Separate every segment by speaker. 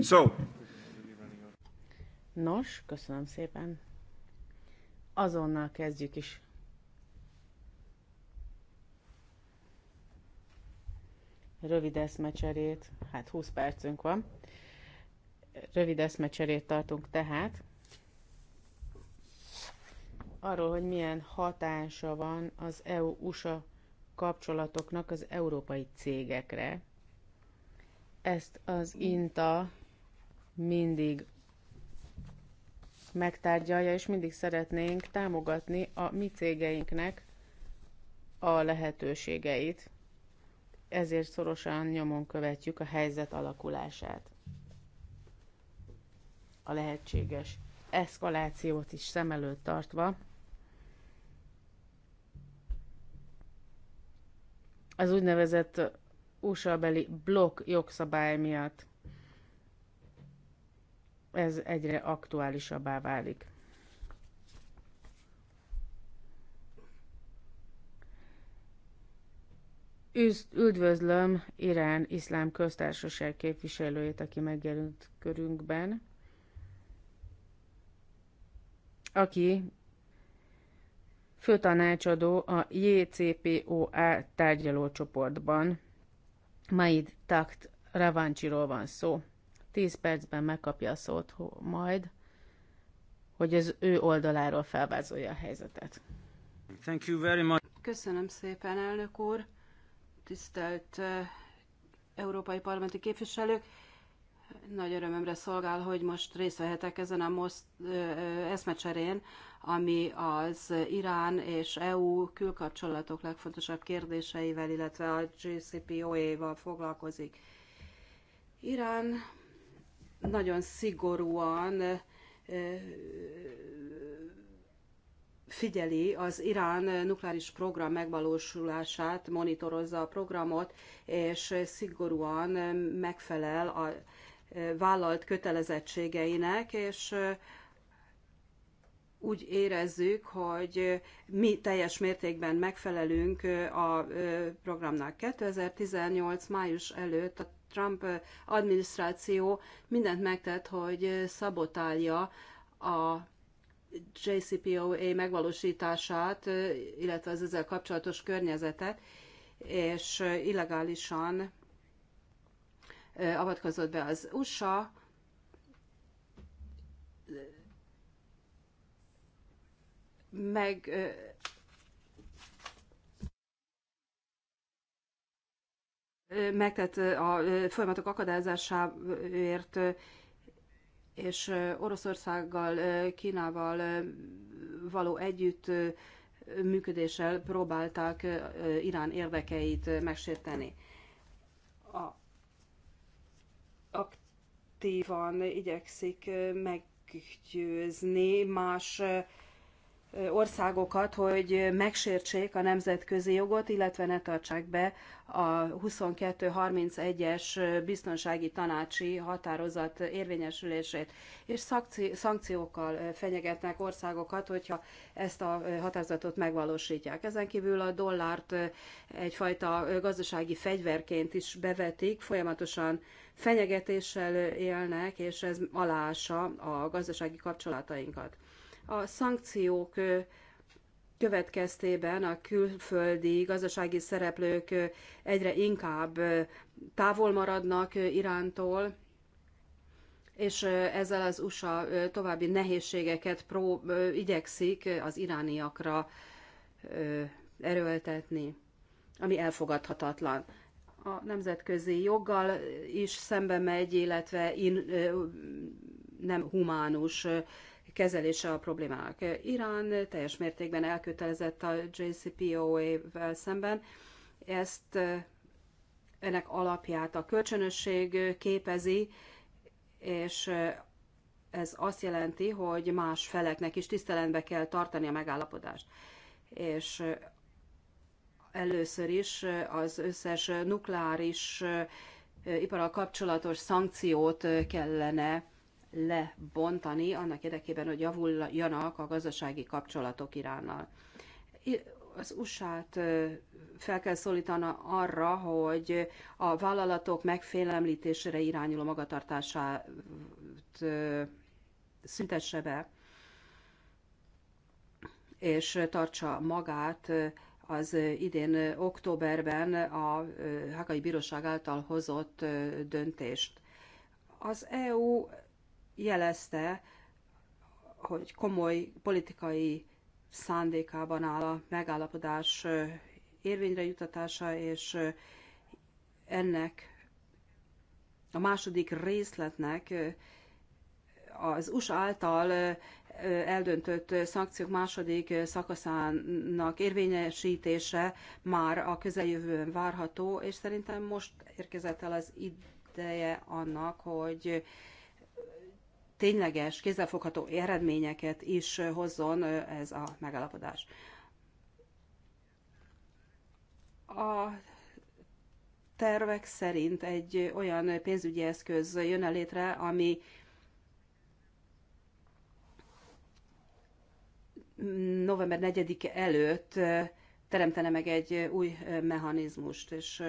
Speaker 1: So. Nos, köszönöm szépen. Azonnal kezdjük is. Rövid eszmecserét, hát 20 percünk van. Rövid eszmecserét tartunk tehát. Arról, hogy milyen hatása van az EU-USA kapcsolatoknak az európai cégekre, ezt az INTA mindig megtárgyalja, és mindig szeretnénk támogatni a mi cégeinknek a lehetőségeit. Ezért szorosan nyomon követjük a helyzet alakulását. A lehetséges eszkalációt is szem előtt tartva. Az úgynevezett USA-beli blokk jogszabály miatt ez egyre aktuálisabbá válik. Üdvözlöm Irán iszlám köztársaság képviselőjét, aki megjelent körünkben, aki főtanácsadó a JCPOA tárgyalócsoportban Maid Takt Ravancsiról van szó. Tíz percben megkapja a szót majd, hogy az ő oldaláról felvázolja a helyzetet. Thank you very much.
Speaker 2: Köszönöm szépen, elnök úr, tisztelt uh, európai parlamenti képviselők. Nagy örömömre szolgál, hogy most részt vehetek ezen a most eszmecserén, ami az Irán és EU külkapcsolatok legfontosabb kérdéseivel, illetve a gcpoa val foglalkozik. Irán nagyon szigorúan figyeli az Irán nukleáris program megvalósulását, monitorozza a programot, és szigorúan megfelel a vállalt kötelezettségeinek, és úgy érezzük, hogy mi teljes mértékben megfelelünk a programnak. 2018 május előtt a Trump adminisztráció mindent megtett, hogy szabotálja a JCPOA megvalósítását, illetve az ezzel kapcsolatos környezetet, és illegálisan avatkozott be az USA, meg megtett a folyamatok akadályozásáért és Oroszországgal, Kínával való együtt működéssel próbálták Irán érdekeit megsérteni. A aktívan igyekszik meggyőzni más országokat, hogy megsértsék a nemzetközi jogot, illetve ne tartsák be a 2231-es biztonsági tanácsi határozat érvényesülését, és szankciókkal fenyegetnek országokat, hogyha ezt a határozatot megvalósítják. Ezen kívül a dollárt egyfajta gazdasági fegyverként is bevetik, folyamatosan fenyegetéssel élnek, és ez aláássa a gazdasági kapcsolatainkat. A szankciók következtében a külföldi gazdasági szereplők egyre inkább távol maradnak Irántól, és ezzel az USA további nehézségeket pró, igyekszik az irániakra erőltetni, ami elfogadhatatlan. A nemzetközi joggal is szembe megy, illetve in, nem humánus kezelése a problémának. Irán teljes mértékben elkötelezett a JCPOA-vel szemben, ezt ennek alapját a kölcsönösség képezi, és ez azt jelenti, hogy más feleknek is tiszteletbe kell tartani a megállapodást. És először is az összes nukleáris iparral kapcsolatos szankciót kellene lebontani annak érdekében, hogy javuljanak a gazdasági kapcsolatok Iránnal. Az USA-t fel kell szólítana arra, hogy a vállalatok megfélemlítésére irányuló magatartását szüntesse be, és tartsa magát az idén októberben a Hágai Bíróság által hozott döntést. Az EU jelezte, hogy komoly politikai szándékában áll a megállapodás érvényre jutatása, és ennek a második részletnek az USA által eldöntött szankciók második szakaszának érvényesítése már a közeljövőben várható, és szerintem most érkezett el az ideje annak, hogy tényleges, kézzelfogható eredményeket is hozzon ez a megállapodás. A tervek szerint egy olyan pénzügyi eszköz jön létre, ami november 4 előtt teremtene meg egy új mechanizmust, és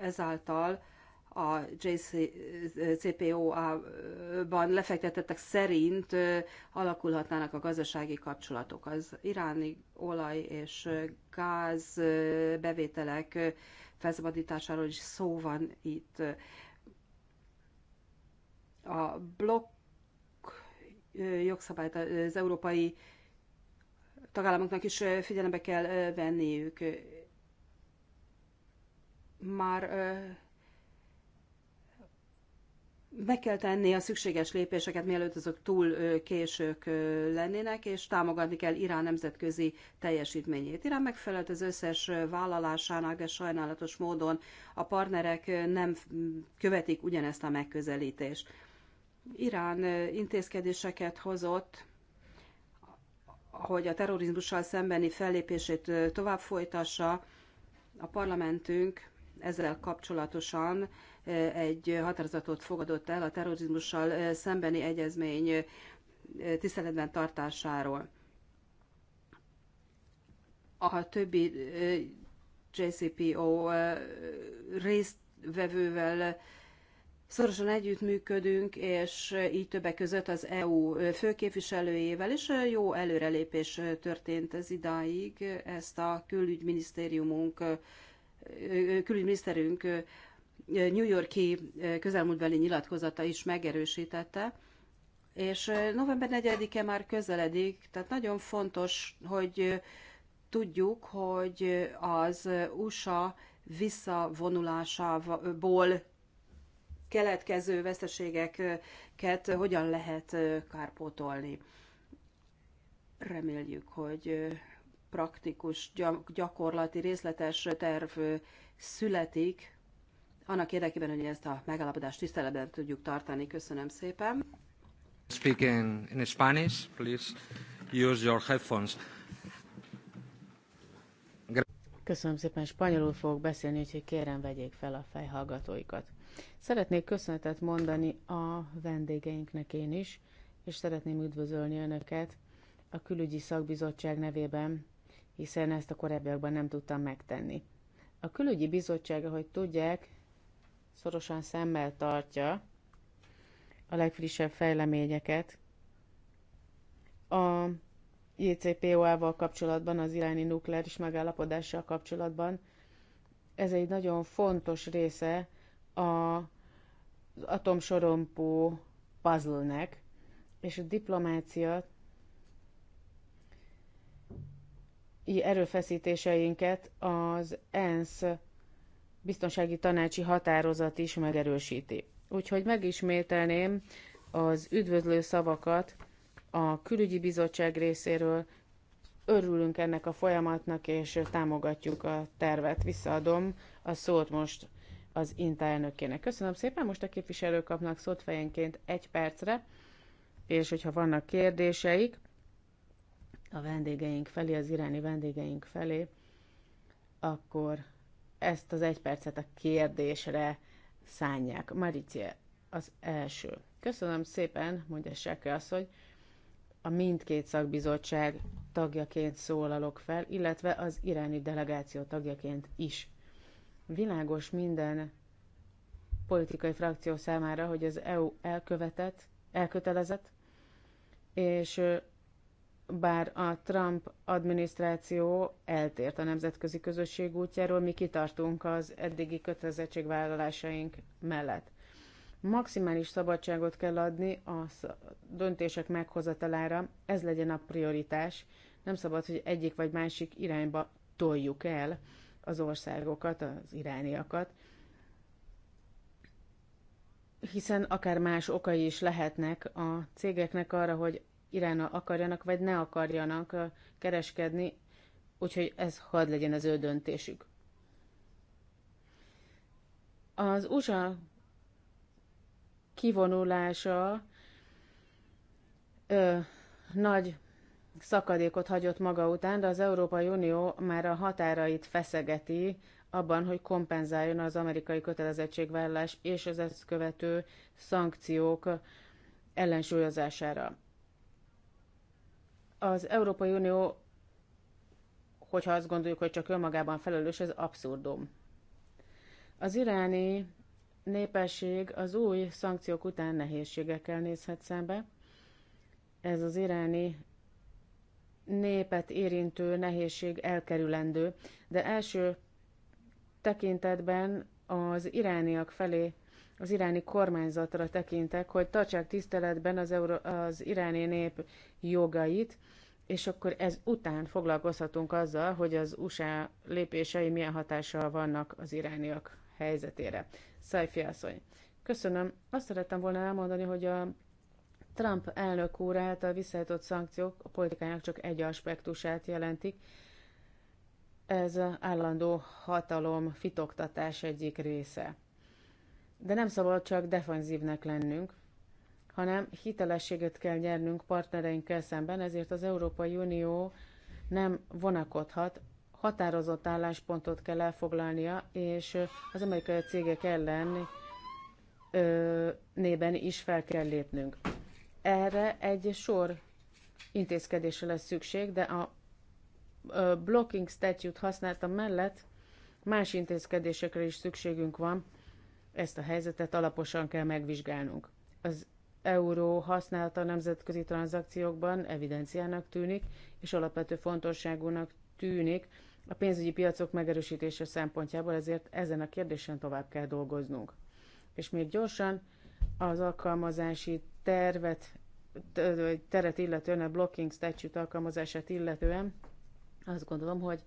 Speaker 2: ezáltal a JCPOA-ban lefektetettek szerint alakulhatnának a gazdasági kapcsolatok. Az iráni olaj és gáz bevételek felszabadításáról is szó van itt. A blokk jogszabályt az európai tagállamoknak is figyelembe kell venniük. Már meg kell tenni a szükséges lépéseket, mielőtt azok túl késők lennének, és támogatni kell Irán nemzetközi teljesítményét. Irán megfelelt az összes vállalásának, de sajnálatos módon a partnerek nem követik ugyanezt a megközelítést. Irán intézkedéseket hozott, hogy a terrorizmussal szembeni fellépését tovább folytassa. A parlamentünk ezzel kapcsolatosan egy határozatot fogadott el a terrorizmussal eh, szembeni egyezmény eh, tiszteletben tartásáról. A többi eh, JCPO résztvevővel Szorosan együttműködünk, és így többek között az EU főképviselőjével is jó előrelépés történt ez idáig. Ezt a külügyminisztériumunk, külügyminiszterünk New Yorki eh, közelmúltbeli nyilatkozata is megerősítette, és eh, november 4-e már közeledik, tehát nagyon fontos, hogy eh, tudjuk, hogy az USA visszavonulásából keletkező veszteségeket hogyan lehet kárpótolni. Reméljük, hogy praktikus, gyakorlati, részletes terv születik annak érdekében, hogy ezt a megállapodást tiszteletben tudjuk tartani. Köszönöm szépen.
Speaker 1: Speaking in Spanish, please use your headphones. Köszönöm szépen, spanyolul fogok beszélni, úgyhogy kérem vegyék fel a fejhallgatóikat. Szeretnék köszönetet mondani a vendégeinknek én is, és szeretném üdvözölni Önöket a külügyi szakbizottság nevében, hiszen ezt a korábbiakban nem tudtam megtenni. A külügyi bizottság, ahogy tudják, szorosan szemmel tartja a legfrissebb fejleményeket. A JCPOA-val kapcsolatban, az iráni nukleáris megállapodással kapcsolatban ez egy nagyon fontos része a, az atomsorompó puzzle-nek, és a diplomácia erőfeszítéseinket az ENSZ biztonsági tanácsi határozat is megerősíti. Úgyhogy megismételném az üdvözlő szavakat a külügyi bizottság részéről. Örülünk ennek a folyamatnak, és támogatjuk a tervet. Visszaadom a szót most az INTA elnökének. Köszönöm szépen, most a képviselők kapnak szót fejenként egy percre, és hogyha vannak kérdéseik a vendégeink felé, az iráni vendégeink felé, akkor ezt az egy percet a kérdésre szánják. Maricie az első. Köszönöm szépen, mondja Seke az, hogy a mindkét szakbizottság tagjaként szólalok fel, illetve az iráni delegáció tagjaként is. Világos minden politikai frakció számára, hogy az EU elkövetett, elkötelezett, és bár a Trump adminisztráció eltért a nemzetközi közösség útjáról, mi kitartunk az eddigi kötelezettségvállalásaink mellett. Maximális szabadságot kell adni a döntések meghozatalára, ez legyen a prioritás. Nem szabad, hogy egyik vagy másik irányba toljuk el az országokat, az irániakat, hiszen akár más okai is lehetnek a cégeknek arra, hogy Iránnal akarjanak, vagy ne akarjanak kereskedni, úgyhogy ez hadd legyen az ő döntésük. Az USA kivonulása ö, nagy szakadékot hagyott maga után, de az Európai Unió már a határait feszegeti abban, hogy kompenzáljon az amerikai kötelezettségvállás és az ezt követő szankciók ellensúlyozására. Az Európai Unió, hogyha azt gondoljuk, hogy csak önmagában felelős, ez abszurdum. Az iráni népesség az új szankciók után nehézségekkel nézhet szembe. Ez az iráni népet érintő nehézség elkerülendő, de első tekintetben az irániak felé az iráni kormányzatra tekintek, hogy tartsák tiszteletben az, Euró- az iráni nép jogait, és akkor ez után foglalkozhatunk azzal, hogy az USA lépései milyen hatással vannak az irániak helyzetére. Szajfi asszony, köszönöm. Azt szerettem volna elmondani, hogy a Trump elnök úr által visszajutott szankciók a politikának csak egy aspektusát jelentik. Ez állandó hatalom fitoktatás egyik része. De nem szabad csak defenzívnek lennünk, hanem hitelességet kell nyernünk partnereinkkel szemben, ezért az Európai Unió nem vonakodhat, határozott álláspontot kell elfoglalnia, és az amerikai cégek ellen ö, nében is fel kell lépnünk. Erre egy sor intézkedésre lesz szükség, de a blocking statute használta mellett más intézkedésekre is szükségünk van, ezt a helyzetet alaposan kell megvizsgálnunk. Az euró használata a nemzetközi tranzakciókban evidenciának tűnik, és alapvető fontosságúnak tűnik a pénzügyi piacok megerősítése szempontjából, ezért ezen a kérdésen tovább kell dolgoznunk. És még gyorsan az alkalmazási tervet, teret illetően, a blocking statute alkalmazását illetően azt gondolom, hogy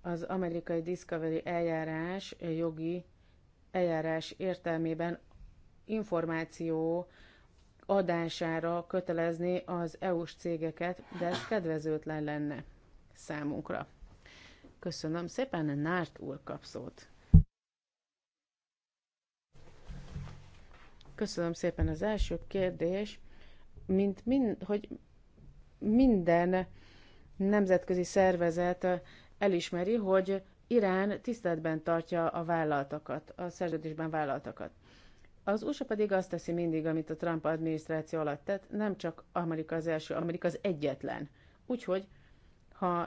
Speaker 1: az amerikai Discovery eljárás jogi eljárás értelmében információ adására kötelezni az EU-s cégeket, de ez kedvezőtlen lenne számunkra. Köszönöm szépen, Nárt úr kap szót. Köszönöm szépen az első kérdés, mint mind, hogy minden nemzetközi szervezet elismeri, hogy Irán tiszteletben tartja a vállaltakat, a szerződésben vállaltakat. Az USA pedig azt teszi mindig, amit a Trump adminisztráció alatt tett, nem csak Amerika az első, Amerika az egyetlen. Úgyhogy, ha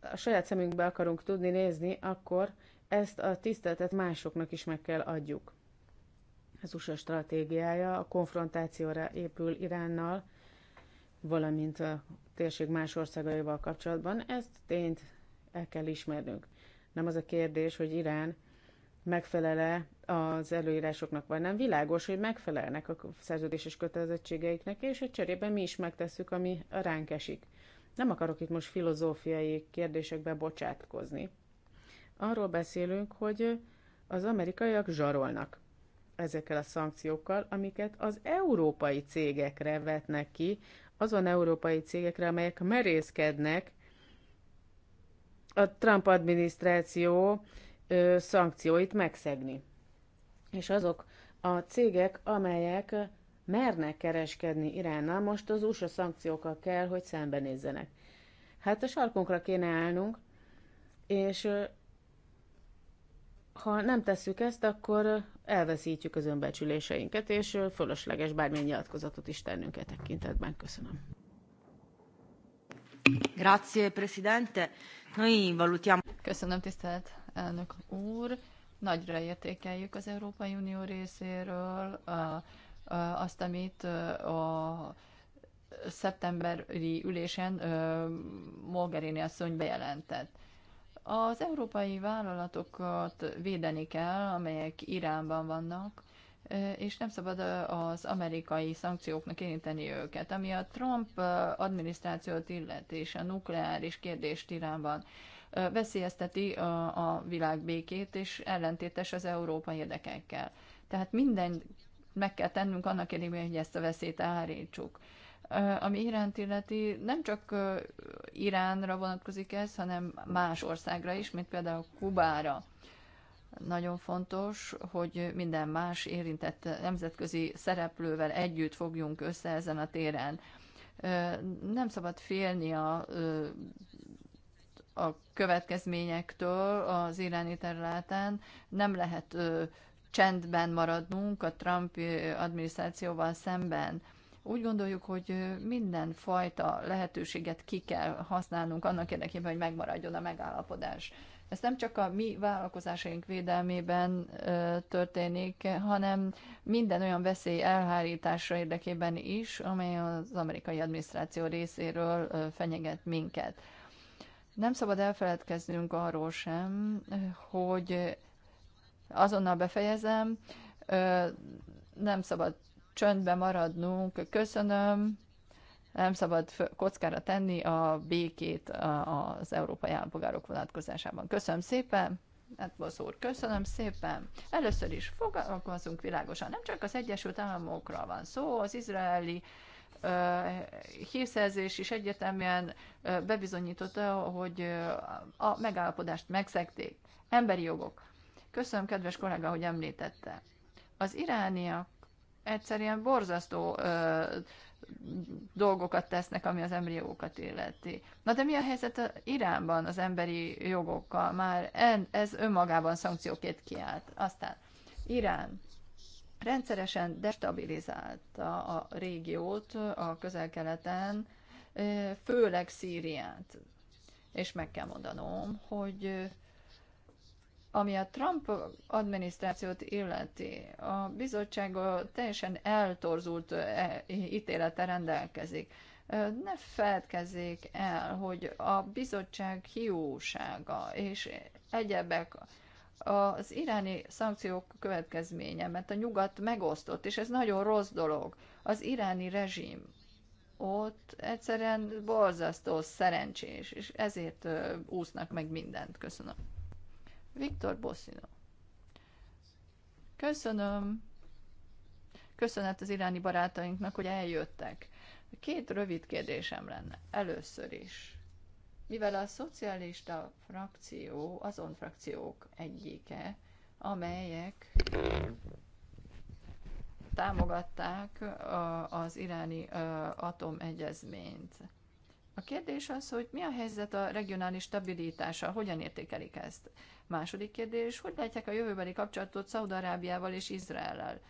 Speaker 1: a saját szemünkbe akarunk tudni nézni, akkor ezt a tiszteletet másoknak is meg kell adjuk. Az USA stratégiája a konfrontációra épül Iránnal, valamint a térség más országaival kapcsolatban. Ezt tényt el kell ismernünk. Nem az a kérdés, hogy Irán megfelele az előírásoknak, vagy nem. Világos, hogy megfelelnek a szerződéses kötelezettségeiknek, és egy cserében mi is megtesszük, ami ránk esik. Nem akarok itt most filozófiai kérdésekbe bocsátkozni. Arról beszélünk, hogy az amerikaiak zsarolnak ezekkel a szankciókkal, amiket az európai cégekre vetnek ki, azon európai cégekre, amelyek merészkednek a Trump adminisztráció ö, szankcióit megszegni. És azok a cégek, amelyek mernek kereskedni Iránnal, most az USA szankciókkal kell, hogy szembenézzenek. Hát a sarkunkra kéne állnunk, és ha nem tesszük ezt, akkor elveszítjük az önbecsüléseinket, és fölösleges bármilyen nyilatkozatot is tennünk e tekintetben. Köszönöm. Grazie, Presidente.
Speaker 3: Noi valutiamo. Köszönöm, tisztelt elnök úr. Nagyra értékeljük az Európai Unió részéről azt, amit a szeptemberi ülésen Mogherini asszony bejelentett. Az európai vállalatokat védeni kell, amelyek Iránban vannak, és nem szabad az amerikai szankcióknak érinteni őket. Ami a Trump adminisztrációt illeti, és a nukleáris kérdést Iránban veszélyezteti a világ békét, és ellentétes az európai érdekekkel. Tehát minden meg kell tennünk annak érdekében, hogy ezt a veszélyt elhárítsuk. Ami Iránt illeti, nem csak Iránra vonatkozik ez, hanem más országra is, mint például Kubára. Nagyon fontos, hogy minden más érintett nemzetközi szereplővel együtt fogjunk össze ezen a téren. Nem szabad félni a, a következményektől az iráni területen. Nem lehet csendben maradnunk a Trump adminisztrációval szemben úgy gondoljuk, hogy minden fajta lehetőséget ki kell használnunk annak érdekében, hogy megmaradjon a megállapodás. Ez nem csak a mi vállalkozásaink védelmében ö, történik, hanem minden olyan veszély elhárítása érdekében is, amely az amerikai adminisztráció részéről ö, fenyeget minket. Nem szabad elfeledkeznünk arról sem, hogy azonnal befejezem, ö, nem szabad csöndbe maradnunk. Köszönöm. Nem szabad kockára tenni a békét az európai állampolgárok vonatkozásában. Köszönöm szépen. Edbosz úr, köszönöm szépen. Először is fogalmazunk világosan. Nem csak az Egyesült Államokra van szó, az izraeli hírszerzés is egyetemben bebizonyította, hogy a megállapodást megszekték. Emberi jogok. Köszönöm, kedves kollega, hogy említette. Az irániak egyszerűen borzasztó ö, dolgokat tesznek, ami az emberi jogokat illeti. Na de mi a helyzet az Iránban az emberi jogokkal? Már ez önmagában szankcióként kiállt. Aztán Irán rendszeresen destabilizálta a régiót a közel-keleten, főleg Szíriát. És meg kell mondanom, hogy ami a Trump adminisztrációt illeti, a bizottság teljesen eltorzult eh, ítélete rendelkezik. Ne feledkezzék el, hogy a bizottság hiúsága és egyebek az iráni szankciók következménye, mert a nyugat megosztott, és ez nagyon rossz dolog. Az iráni rezsim ott egyszerűen borzasztó szerencsés, és ezért úsznak meg mindent. Köszönöm. Viktor Bosszina. Köszönöm. Köszönet az iráni barátainknak, hogy eljöttek. Két rövid kérdésem lenne. Először is. Mivel a szocialista frakció azon frakciók egyike, amelyek támogatták az iráni atomegyezményt. A kérdés az, hogy mi a helyzet a regionális stabilitással, hogyan értékelik ezt? Második kérdés, hogy látják a jövőbeli kapcsolatot Szaudarábiával és Izraellel?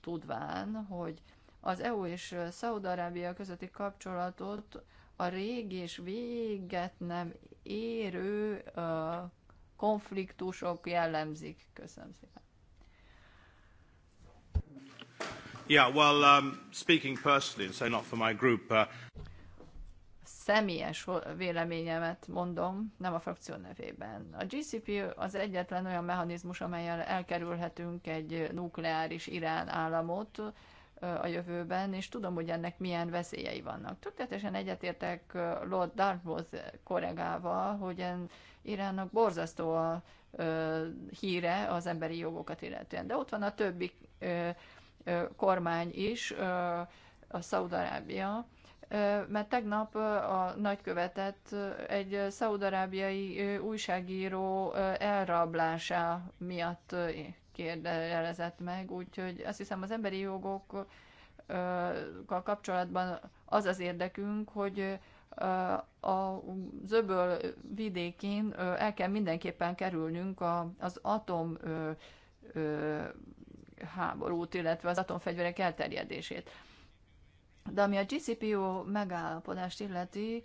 Speaker 3: Tudván, hogy az EU és Szaudarábia közötti kapcsolatot a régi és véget nem érő uh, konfliktusok jellemzik. Köszönöm szépen.
Speaker 2: Yeah, well, um, speaking personally, so not for my group. Uh
Speaker 3: személyes véleményemet mondom, nem a frakció nevében. A GCP az egyetlen olyan mechanizmus, amelyel elkerülhetünk egy nukleáris Irán államot a jövőben, és tudom, hogy ennek milyen veszélyei vannak. Tökéletesen egyetértek Lord Dartmouth kollégával, hogy Iránnak borzasztó a híre az emberi jogokat illetően. De ott van a többi kormány is, a Szaudarábia, mert tegnap a nagykövetet egy szaudarábiai újságíró elrablása miatt kérdelezett meg, úgyhogy azt hiszem az emberi jogokkal kapcsolatban az az érdekünk, hogy a zöböl vidékén el kell mindenképpen kerülnünk az atom háborút, illetve az atomfegyverek elterjedését. De ami a GCPO megállapodást illeti,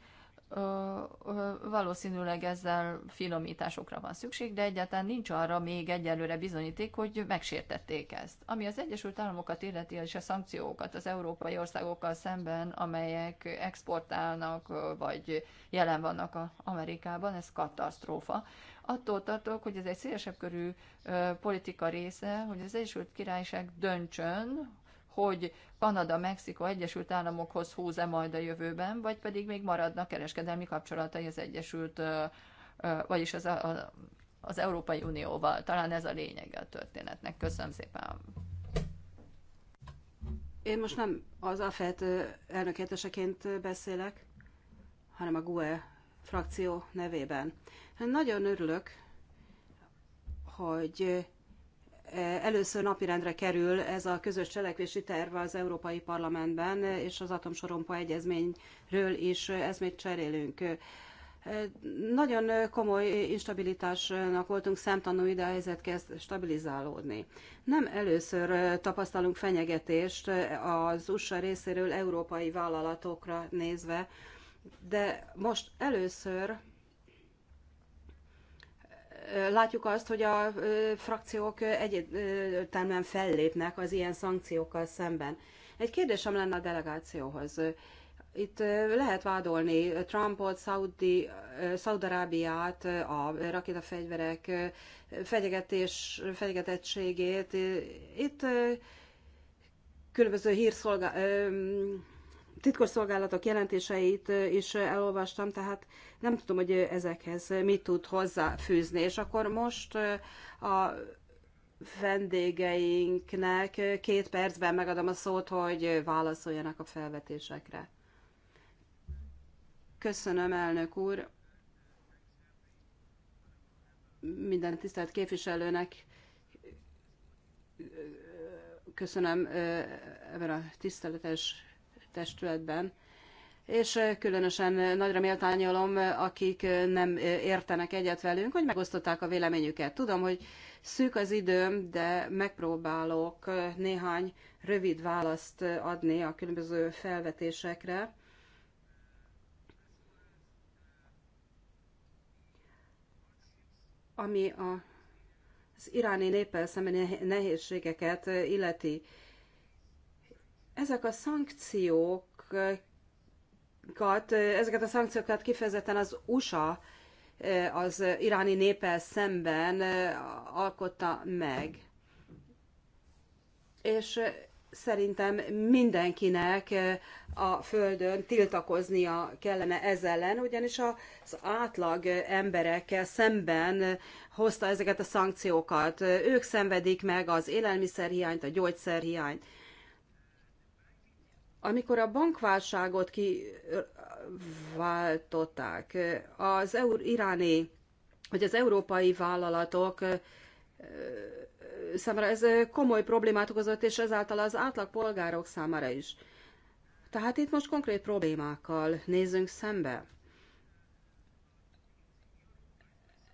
Speaker 3: ö, ö, valószínűleg ezzel finomításokra van szükség, de egyáltalán nincs arra még egyelőre bizonyíték, hogy megsértették ezt. Ami az Egyesült Államokat illeti, és a szankciókat az európai országokkal szemben, amelyek exportálnak, vagy jelen vannak a Amerikában, ez katasztrófa. Attól tartok, hogy ez egy szélesebb körű ö, politika része, hogy az Egyesült Királyság döntsön, hogy Kanada, Mexiko, Egyesült Államokhoz húz-e majd a jövőben, vagy pedig még maradnak kereskedelmi kapcsolatai az Egyesült, vagyis az, az Európai Unióval. Talán ez a lényeg a történetnek. Köszönöm szépen. Én most nem az AFET
Speaker 2: elnökéteseként beszélek, hanem a GUE frakció nevében. Nagyon örülök, hogy először napirendre kerül ez a közös cselekvési terv az Európai Parlamentben, és az atomsorompa egyezményről is eszmét cserélünk. Nagyon komoly instabilitásnak voltunk szemtanúi, de a helyzet kezd stabilizálódni. Nem először tapasztalunk fenyegetést az USA részéről európai vállalatokra nézve, de most először látjuk azt, hogy a frakciók egyértelműen fellépnek az ilyen szankciókkal szemben. Egy kérdésem lenne a delegációhoz. Itt lehet vádolni Trumpot, Saudi, Szaudarábiát, a rakétafegyverek fenyegetés, fenyegetettségét. Itt különböző hírszolgá titkosszolgálatok jelentéseit is elolvastam, tehát nem tudom, hogy ezekhez mit tud hozzáfűzni. És akkor most a vendégeinknek két percben megadom a szót, hogy válaszoljanak a felvetésekre. Köszönöm, elnök úr. Minden tisztelt képviselőnek köszönöm ebben a tiszteletes testületben. És különösen nagyra méltányolom, akik nem értenek egyet velünk, hogy megosztották a véleményüket. Tudom, hogy szűk az időm, de megpróbálok néhány rövid választ adni a különböző felvetésekre. Ami a, az iráni néppel szembeni nehézségeket illeti, ezek a szankciókat, ezeket a szankciókat kifejezetten az USA az iráni népel szemben alkotta meg. És szerintem mindenkinek a Földön tiltakoznia kellene ez ellen, ugyanis az átlag emberekkel szemben hozta ezeket a szankciókat. Ők szenvedik meg az élelmiszerhiányt, a gyógyszerhiányt. Amikor a bankválságot kiváltották, az eur, iráni, vagy az európai vállalatok számára ez komoly problémát okozott, és ezáltal az átlag polgárok számára is. Tehát itt most konkrét problémákkal nézünk szembe.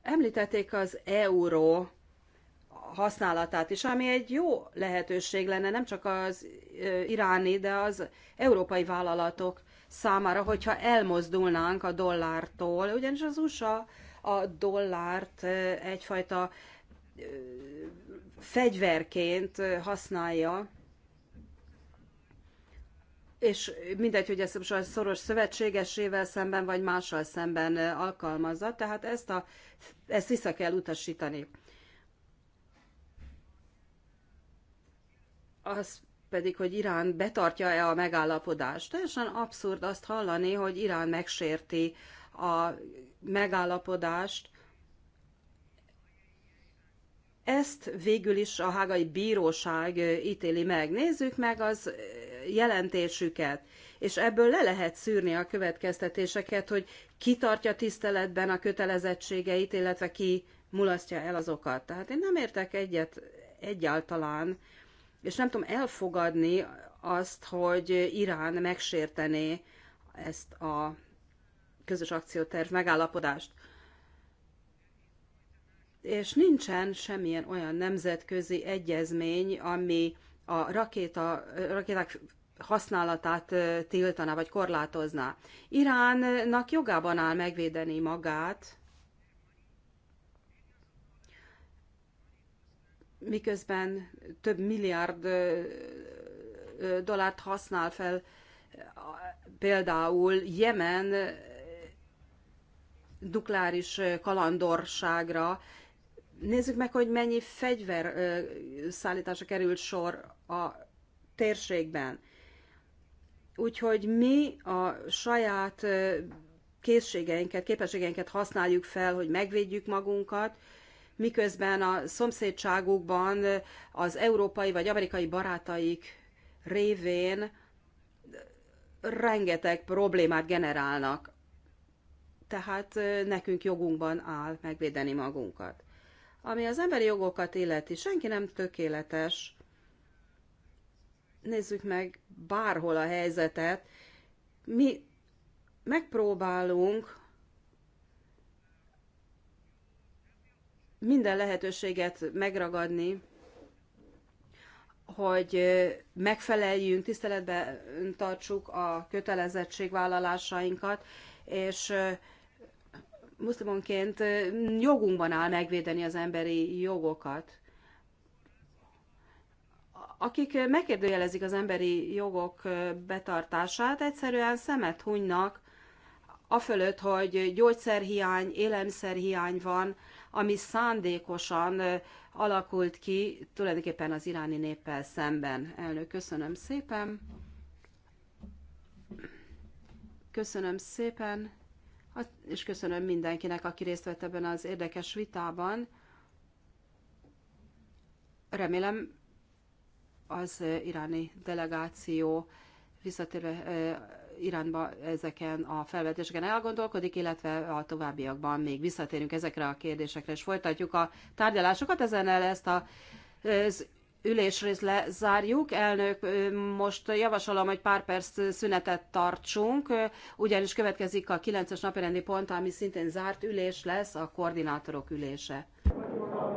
Speaker 2: Említették az euró használatát is, ami egy jó lehetőség lenne nem csak az iráni, de az európai vállalatok számára, hogyha elmozdulnánk a dollártól, ugyanis az USA a dollárt egyfajta fegyverként használja, és mindegy, hogy ezt most a szoros szövetségesével szemben, vagy mással szemben alkalmazza, tehát ezt, a, ezt vissza kell utasítani. az pedig, hogy Irán betartja-e a megállapodást. Teljesen abszurd azt hallani, hogy Irán megsérti a megállapodást. Ezt végül is a hágai bíróság ítéli meg. Nézzük meg az jelentésüket, és ebből le lehet szűrni a következtetéseket, hogy ki tartja tiszteletben a kötelezettségeit, illetve ki mulasztja el azokat. Tehát én nem értek egyet egyáltalán és nem tudom elfogadni azt, hogy Irán megsértené ezt a közös akcióterv megállapodást. És nincsen semmilyen olyan nemzetközi egyezmény, ami a rakéta, rakéták használatát tiltaná vagy korlátozná. Iránnak jogában áll megvédeni magát, miközben több milliárd dollárt használ fel például Jemen nukleáris kalandorságra. Nézzük meg, hogy mennyi fegyver szállítása került sor a térségben. Úgyhogy mi a saját készségeinket, képességeinket használjuk fel, hogy megvédjük magunkat, miközben a szomszédságukban az európai vagy amerikai barátaik révén rengeteg problémát generálnak. Tehát nekünk jogunkban áll megvédeni magunkat. Ami az emberi jogokat illeti, senki nem tökéletes. Nézzük meg bárhol a helyzetet. Mi megpróbálunk minden lehetőséget megragadni, hogy megfeleljünk, tiszteletben tartsuk a kötelezettségvállalásainkat, és muszlimonként jogunkban áll megvédeni az emberi jogokat. Akik megkérdőjelezik az emberi jogok betartását, egyszerűen szemet hunynak afölött, hogy gyógyszerhiány, élelmiszerhiány van, ami szándékosan alakult ki tulajdonképpen az iráni néppel szemben. Elnök, köszönöm szépen. Köszönöm szépen, és köszönöm mindenkinek, aki részt vett ebben az érdekes vitában. Remélem az iráni delegáció visszatérve irányba ezeken a felvetéseken elgondolkodik, illetve a továbbiakban még visszatérünk ezekre a kérdésekre, és folytatjuk a tárgyalásokat. Ezen el ezt a, ez ülésrészt lezárjuk. Elnök, most javasolom, hogy pár perc szünetet tartsunk, ugyanis következik a 9-es napirendi pont, ami szintén zárt ülés lesz, a koordinátorok ülése.